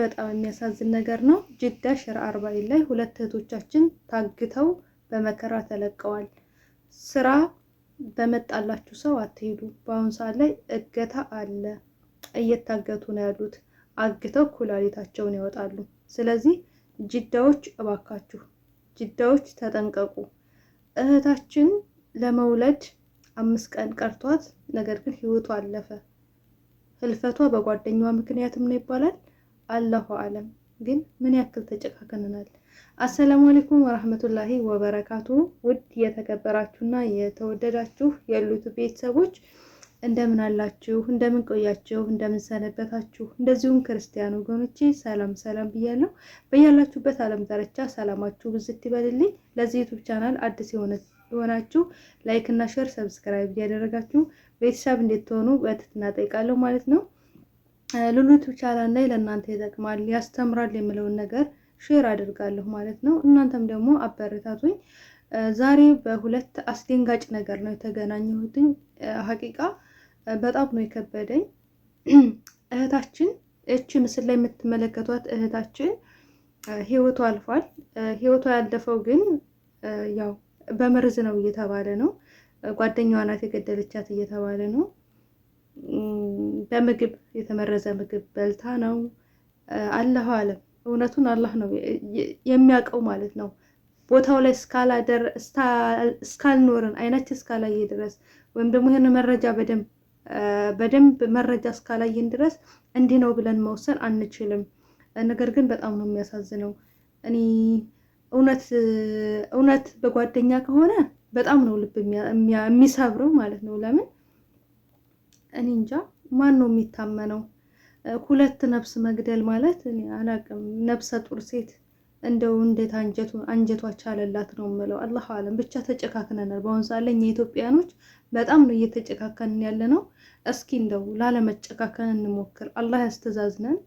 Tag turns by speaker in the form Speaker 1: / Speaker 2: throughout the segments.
Speaker 1: በጣም የሚያሳዝን ነገር ነው። ጅዳ ሽር አርባይን ላይ ሁለት እህቶቻችን ታግተው በመከራ ተለቀዋል። ስራ በመጣላችሁ ሰው አትሄዱ። በአሁኑ ሰዓት ላይ እገታ አለ፣ እየታገቱ ነው ያሉት። አግተው ኩላሊታቸውን ይወጣሉ። ስለዚህ ጅዳዎች እባካችሁ፣ ጅዳዎች ተጠንቀቁ። እህታችን ለመውለድ አምስት ቀን ቀርቷት፣ ነገር ግን ህይወቷ አለፈ። ህልፈቷ በጓደኛዋ ምክንያትም ነው ይባላል አላሁ አለም። ግን ምን ያክል ተጨካክነናል አሰላሙ አለይኩም ወራህመቱላሂ ወበረካቱ። ውድ የተከበራችሁና የተወደዳችሁ ያሉት ቤተሰቦች እንደምን አላችሁ? እንደምን ቆያችሁ? እንደምን ሰነበታችሁ? እንደዚሁም ክርስቲያን ወገኖቼ ሰላም ሰላም ብያለሁ። በያላችሁበት ዓለም ዳርቻ ሰላማችሁ ብዝት ይበልልኝ። ለዚህ ዩቱብ ቻናል አዲስ የሆናችሁ ላይክ እና ሼር፣ ሰብስክራይብ እያደረጋችሁ ቤተሰብ ትሆኑ በትህትና እጠይቃለሁ ማለት ነው። ሉሉት ቻናል ላይ ለእናንተ ይጠቅማል ያስተምራል የምለውን ነገር ሼር አድርጋለሁ ማለት ነው። እናንተም ደግሞ አበረታቱኝ። ዛሬ በሁለት አስደንጋጭ ነገር ነው የተገናኘሁትኝ። ሀቂቃ በጣም ነው የከበደኝ። እህታችን እቺ ምስል ላይ የምትመለከቷት እህታችን ህይወቷ አልፏል። ህይወቷ ያለፈው ግን ያው በመርዝ ነው እየተባለ ነው። ጓደኛዋ ናት የገደለቻት እየተባለ ነው። በምግብ የተመረዘ ምግብ በልታ ነው። አላሁ አለም እውነቱን አላህ ነው የሚያውቀው ማለት ነው። ቦታው ላይ እስካልኖርን አይናችን እስካላየ ድረስ ወይም ደግሞ ይህን መረጃ በደንብ በደንብ መረጃ እስካላየን ድረስ እንዲህ ነው ብለን መውሰን አንችልም። ነገር ግን በጣም ነው የሚያሳዝነው። እኔ እውነት እውነት በጓደኛ ከሆነ በጣም ነው ልብ የሚሰብረው ማለት ነው ለምን እኔ እንጃ ማን ነው የሚታመነው? ሁለት ነፍስ መግደል ማለት እኔ አላቅም። ነፍሰ ጡር ሴት እንደው እንዴት አንጀቱ አንጀቷ ቻለላት ነው የምለው። አላህ አለም ብቻ ተጨካክነናል። በአሁኑ ሰዓት ላይ ኢትዮጵያኖች በጣም ነው እየተጨካከንን ያለ ነው። እስኪ እንደው ላለመጨካከን እንሞክር። አላህ ያስተዛዝነን።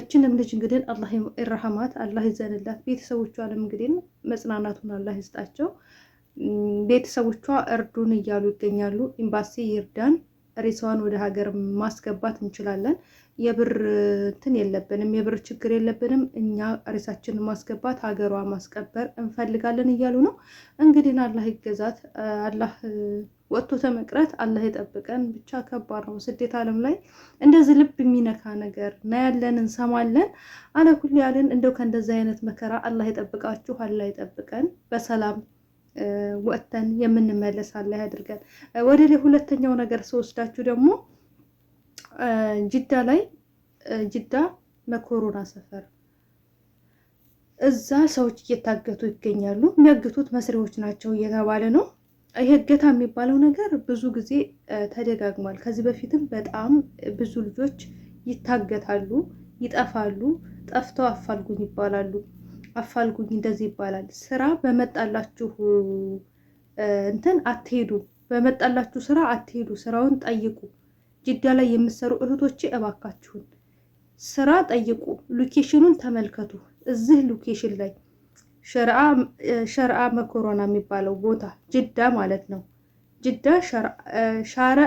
Speaker 1: እችንም ልጅ እንግዲህ አላህ ይርሐማት፣ አላህ ይዘንላት። ቤተሰቦቿንም እንግዲህ መጽናናቱን አላህ ይስጣቸው። ቤተሰቦቿ እርዱን እያሉ ይገኛሉ። ኤምባሲ ይርዳን። ሬሳዋን ወደ ሀገር ማስገባት እንችላለን። የብር እንትን የለብንም፣ የብር ችግር የለብንም። እኛ ሬሳችንን ማስገባት ሀገሯ ማስቀበር እንፈልጋለን እያሉ ነው። እንግዲህ አላህ ይገዛት፣ አላህ ወጥቶ ተመቅረት፣ አላህ የጠብቀን። ብቻ ከባድ ነው ስደት ዓለም ላይ እንደዚህ ልብ የሚነካ ነገር እናያለን፣ እንሰማለን። አለኩል ያለን እንደው ከእንደዚህ አይነት መከራ አላህ ይጠብቃችሁ፣ አላህ ይጠብቀን በሰላም ወጥተን የምንመለሳለ ያድርገን። ወደ ሁለተኛው ነገር ስወስዳችሁ ደግሞ ጅዳ ላይ ጅዳ መኮሮና ሰፈር እዛ ሰዎች እየታገቱ ይገኛሉ። የሚያግቱት መስሪዎች ናቸው እየተባለ ነው። ይሄ እገታ የሚባለው ነገር ብዙ ጊዜ ተደጋግሟል። ከዚህ በፊትም በጣም ብዙ ልጆች ይታገታሉ፣ ይጠፋሉ፣ ጠፍተው አፋልጉኝ ይባላሉ። አፋልጉኝ፣ እንደዚህ ይባላል። ስራ በመጣላችሁ እንትን አትሄዱ፣ በመጣላችሁ ስራ አትሄዱ፣ ስራውን ጠይቁ። ጅዳ ላይ የምትሰሩ እህቶቼ እባካችሁን ስራ ጠይቁ። ሎኬሽኑን ተመልከቱ። እዚህ ሎኬሽን ላይ ሸርአ መኮረና የሚባለው ቦታ ጅዳ ማለት ነው። ጅዳ ሻረ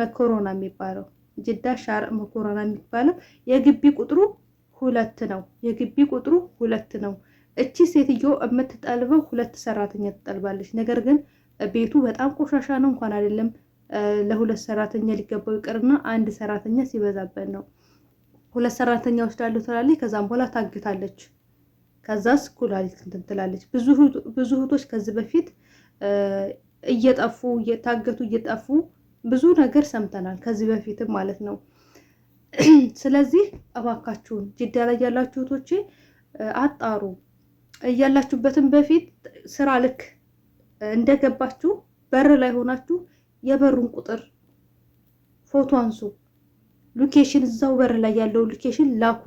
Speaker 1: መኮሮና የሚባለው ጅዳ ሻረ መኮሮና የሚባለው የግቢ ቁጥሩ ሁለት ነው። የግቢ ቁጥሩ ሁለት ነው። እቺ ሴትዮ የምትጠልበው ሁለት ሰራተኛ ትጠልባለች። ነገር ግን ቤቱ በጣም ቆሻሻ ነው። እንኳን አይደለም ለሁለት ሰራተኛ ሊገባው ይቅርና አንድ ሰራተኛ ሲበዛበት ነው። ሁለት ሰራተኛ ወስዳለሁ ትላለች። ከዛም በኋላ ታግታለች። ከዛስ ኩላሊት እንትን ትላለች። ብዙ እህቶች ከዚህ በፊት እየጠፉ እየታገቱ እየጠፉ ብዙ ነገር ሰምተናል። ከዚህ በፊትም ማለት ነው ስለዚህ እባካችሁን ጅዳ ላይ ያላችሁ እህቶቼ አጣሩ። እያላችሁበትን በፊት ስራ ልክ እንደገባችሁ በር ላይ ሆናችሁ የበሩን ቁጥር ፎቶ አንሱ፣ ሎኬሽን እዛው በር ላይ ያለው ሎኬሽን ላኩ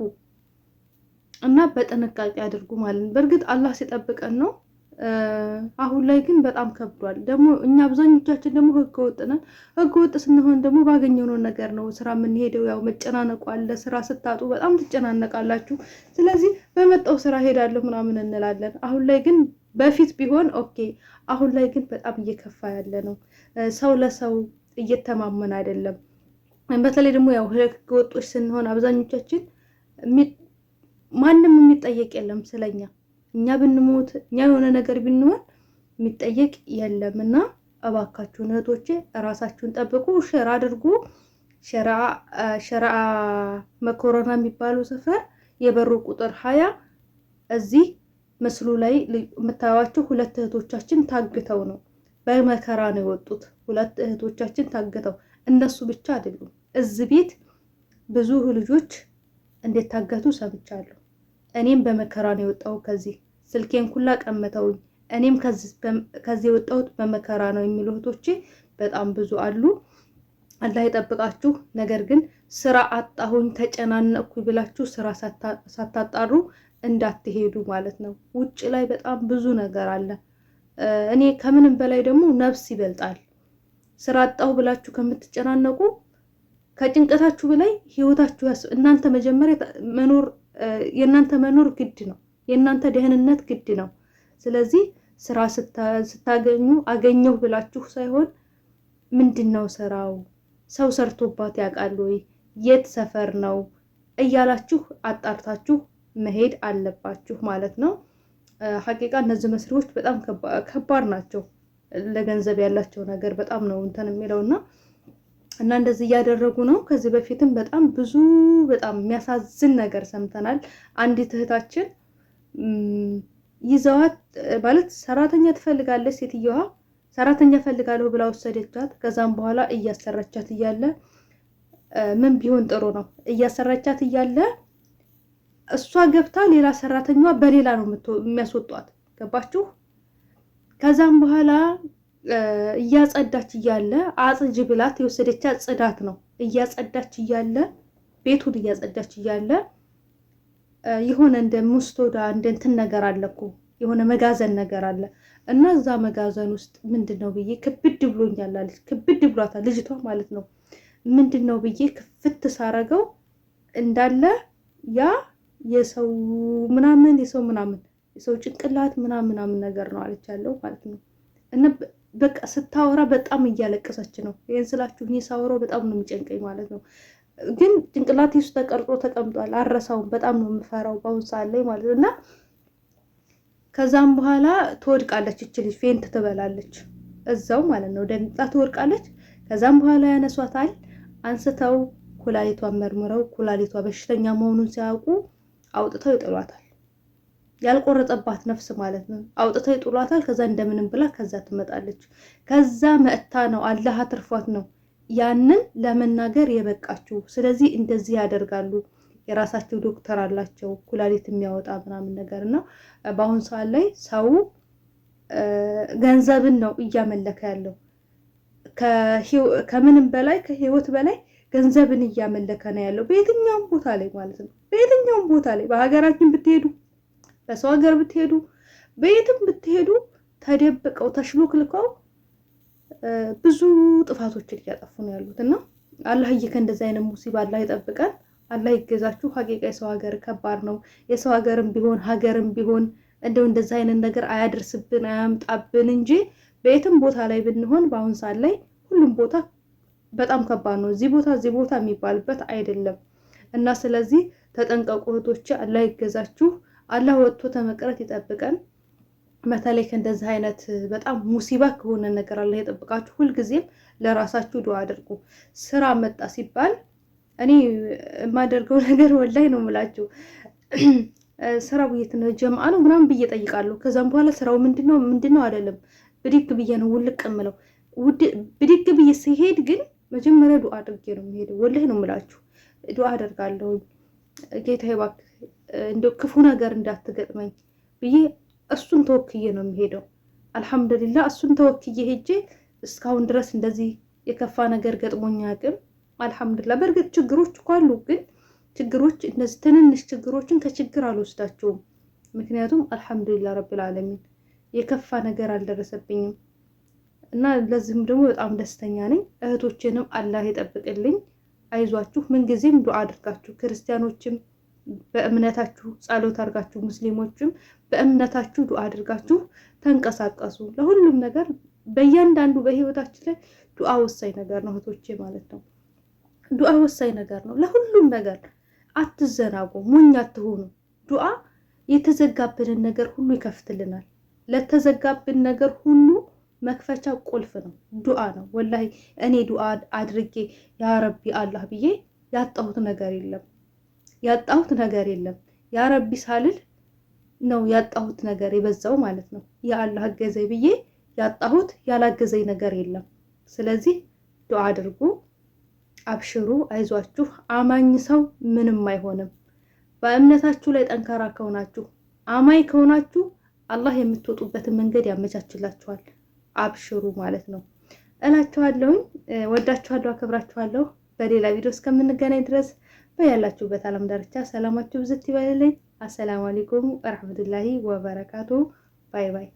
Speaker 1: እና በጥንቃቄ አድርጉ ማለት ነው። በእርግጥ አላህ ሲጠብቀን ነው አሁን ላይ ግን በጣም ከብዷል። ደግሞ እኛ አብዛኞቻችን ደግሞ ህገ ወጥ ነን። ህገ ወጥ ስንሆን ደግሞ ባገኘነው ነገር ነው ስራ የምንሄደው። ያው መጨናነቁ አለ። ስራ ስታጡ በጣም ትጨናነቃላችሁ። ስለዚህ በመጣው ስራ ሄዳለሁ ምናምን እንላለን። አሁን ላይ ግን በፊት ቢሆን ኦኬ፣ አሁን ላይ ግን በጣም እየከፋ ያለ ነው። ሰው ለሰው እየተማመን አይደለም። በተለይ ደግሞ ያው ህገ ወጦች ስንሆን አብዛኞቻችን ማንም የሚጠየቅ የለም ስለኛ እኛ ብንሞት እኛ የሆነ ነገር ብንሆን የሚጠየቅ የለም እና እባካችሁን እህቶቼ እራሳችሁን ጠብቁ። ሸራ አድርጉ። ሸራ መኮረና የሚባለው ሰፈር የበሩ ቁጥር ሀያ እዚህ ምስሉ ላይ የምታዩቸው ሁለት እህቶቻችን ታግተው ነው። በመከራ ነው የወጡት ሁለት እህቶቻችን ታግተው። እነሱ ብቻ አይደሉም። እዚህ ቤት ብዙ ልጆች እንደታገቱ ሰምቻለሁ። እኔም በመከራ ነው የወጣው ከዚህ ስልኬን ኩላ ቀምተውኝ እኔም ከዚህ የወጣሁት በመከራ ነው የሚሉ እህቶቼ በጣም ብዙ አሉ። አላህ ይጠብቃችሁ። ነገር ግን ስራ አጣሁኝ ተጨናነቅኩ ብላችሁ ስራ ሳታጣሩ እንዳትሄዱ ማለት ነው። ውጭ ላይ በጣም ብዙ ነገር አለ። እኔ ከምንም በላይ ደግሞ ነፍስ ይበልጣል። ስራ አጣሁ ብላችሁ ከምትጨናነቁ ከጭንቀታችሁ በላይ ህይወታችሁ እናንተ መጀመሪያ መኖር የእናንተ መኖር ግድ ነው። የእናንተ ደህንነት ግድ ነው። ስለዚህ ስራ ስታገኙ አገኘሁ ብላችሁ ሳይሆን ምንድን ነው ስራው፣ ሰው ሰርቶባት ያውቃል ወይ፣ የት ሰፈር ነው እያላችሁ አጣርታችሁ መሄድ አለባችሁ ማለት ነው። ሀቂቃ እነዚህ መስሪዎች በጣም ከባድ ናቸው። ለገንዘብ ያላቸው ነገር በጣም ነው እንትን የሚለው እና እና እንደዚህ እያደረጉ ነው። ከዚህ በፊትም በጣም ብዙ በጣም የሚያሳዝን ነገር ሰምተናል። አንዲት እህታችን ይዘዋት ማለት ሰራተኛ ትፈልጋለች ሴትየዋ ሰራተኛ ፈልጋለሁ ብላ ወሰደቻት። ከዛም በኋላ እያሰራቻት እያለ ምን ቢሆን ጥሩ ነው? እያሰራቻት እያለ እሷ ገብታ ሌላ ሰራተኛ በሌላ ነው የሚያስወጧት። ገባችሁ? ከዛም በኋላ እያጸዳች እያለ አጽጅ ብላት የወሰደቻት ጽዳት ነው። እያጸዳች እያለ ቤቱን እያጸዳች እያለ የሆነ እንደ ሙስቶዳ እንደ እንትን ነገር አለ እኮ የሆነ መጋዘን ነገር አለ እና እዛ መጋዘን ውስጥ ምንድን ነው ብዬ ክብድ ብሎኛል አለች። ክብድ ብሏታል ልጅቷ ማለት ነው። ምንድን ነው ብዬ ክፍት ሳረገው እንዳለ ያ የሰው ምናምን የሰው ምናምን የሰው ጭንቅላት ምናምን ምናምን ነገር ነው አለች ያለው ማለት ነው። እና በቃ ስታወራ በጣም እያለቀሰች ነው። ይህን ስላችሁ እኔ ሳወራው በጣም ነው የሚጨንቀኝ ማለት ነው። ግን ጭንቅላቴ ውስጥ ተቀርጾ ተቀምጧል። አረሳውም። በጣም ነው የምፈራው በአሁን ሰዓት ላይ ማለት ነው። እና ከዛም በኋላ ትወድቃለች፣ እች ልጅ ፌንት ትበላለች እዛው ማለት ነው። ደንግጣ ትወድቃለች። ከዛም በኋላ ያነሷታል። አንስተው ኩላሊቷን መርምረው ኩላሊቷ በሽተኛ መሆኑን ሲያውቁ አውጥተው ይጥሏታል። ያልቆረጠባት ነፍስ ማለት ነው። አውጥተው ይጥሏታል። ከዛ እንደምንም ብላ ከዛ ትመጣለች። ከዛ መእታ ነው አላህ አትርፏት ነው ያንን ለመናገር የበቃችሁ። ስለዚህ እንደዚህ ያደርጋሉ። የራሳቸው ዶክተር አላቸው ኩላሊት የሚያወጣ ምናምን ነገር ነው። በአሁኑ ሰዓት ላይ ሰው ገንዘብን ነው እያመለከ ያለው ከምንም በላይ ከህይወት በላይ ገንዘብን እያመለከ ነው ያለው በየትኛውም ቦታ ላይ ማለት ነው። በየትኛውም ቦታ ላይ በሀገራችን ብትሄዱ፣ በሰው ሀገር ብትሄዱ፣ በየትም ብትሄዱ ተደብቀው ተሽሎክልከው ብዙ ጥፋቶችን እያጠፉ ነው ያሉት እና አላህዬ ከእንደዚህ አይነት ሙሲባ አላህ ይጠብቀን። አላህ ይገዛችሁ። ሀቂቃ የሰው ሀገር ከባድ ነው። የሰው ሀገርም ቢሆን ሀገርም ቢሆን እንደው እንደዚህ አይነት ነገር አያደርስብን አያምጣብን እንጂ በየትም ቦታ ላይ ብንሆን በአሁን ሰዓት ላይ ሁሉም ቦታ በጣም ከባድ ነው። እዚህ ቦታ እዚህ ቦታ የሚባልበት አይደለም እና ስለዚህ ተጠንቀቁ እህቶቼ፣ አላህ ይገዛችሁ። አላህ ወጥቶ ተመቅረት ይጠብቀን። በተለይ ከእንደዚህ አይነት በጣም ሙሲባ ከሆነ ነገር አላህ የጠብቃችሁ። ሁልጊዜም ለራሳችሁ ዱዓ አድርጉ። ስራ መጣ ሲባል እኔ የማደርገው ነገር ወላይ ነው የምላችሁ ስራው የት ነው ጀምአ ነው ምናምን ብዬ ጠይቃለሁ። ከዛም በኋላ ስራው ምንድነው ምንድነው አይደለም ብድግ ብዬ ነው ውልቅ የምለው። ብድግ ብዬ ሲሄድ ግን መጀመሪያ ዱዓ አድርጌ ነው የሚሄደው። ወላይ ነው የምላችሁ ዱዓ አደርጋለሁ። ጌታ እባክህ እንደ ክፉ ነገር እንዳትገጥመኝ ብዬ እሱን ተወክዬ ነው የሚሄደው። አልሐምዱሊላ እሱን ተወክዬ ሄጄ እስካሁን ድረስ እንደዚህ የከፋ ነገር ገጥሞኝ አያውቅም። አልሐምዱሊላ በእርግጥ ችግሮች እኮ አሉ፣ ግን ችግሮች እነዚህ ትንንሽ ችግሮችን ከችግር አልወስዳቸውም። ምክንያቱም አልሐምዱሊላ ረብል የከፋ ነገር አልደረሰብኝም እና ለዚህም ደግሞ በጣም ደስተኛ ነኝ። እህቶችንም አላህ ይጠብቅልኝ። አይዟችሁ፣ ምንጊዜም ዱዓ አድርጋችሁ ክርስቲያኖችም በእምነታችሁ ጸሎት አድርጋችሁ ሙስሊሞችም በእምነታችሁ ዱዓ አድርጋችሁ ተንቀሳቀሱ። ለሁሉም ነገር በእያንዳንዱ በህይወታችን ላይ ዱዓ ወሳኝ ነገር ነው እህቶቼ ማለት ነው። ዱዓ ወሳኝ ነገር ነው ለሁሉም ነገር። አትዘናጉ፣ ሞኝ አትሆኑ። ዱዓ የተዘጋብንን ነገር ሁሉ ይከፍትልናል። ለተዘጋብን ነገር ሁሉ መክፈቻ ቁልፍ ነው፣ ዱዓ ነው። ወላሂ እኔ ዱዓ አድርጌ ያረቢ አላህ ብዬ ያጣሁት ነገር የለም። ያጣሁት ነገር የለም። ያ ረቢ ሳልል ነው ያጣሁት ነገር የበዛው ማለት ነው። የአላህ አገዘኝ ብዬ ያጣሁት ያላገዘኝ ነገር የለም። ስለዚህ ዱዓ አድርጉ፣ አብሽሩ፣ አይዟችሁ። አማኝ ሰው ምንም አይሆንም። በእምነታችሁ ላይ ጠንካራ ከሆናችሁ፣ አማኝ ከሆናችሁ አላህ የምትወጡበትን መንገድ ያመቻችላችኋል። አብሽሩ ማለት ነው እላችኋለሁኝ። ወዳችኋለሁ፣ አከብራችኋለሁ። በሌላ ቪዲዮ እስከምንገናኝ ድረስ በያላችሁበት ዓለም ዳርቻ ሰላማችሁ ብዝት ይበልልኝ። አሰላሙ አለይኩም ረሕመቱላሂ ወበረካቱ። ባይ ባይ።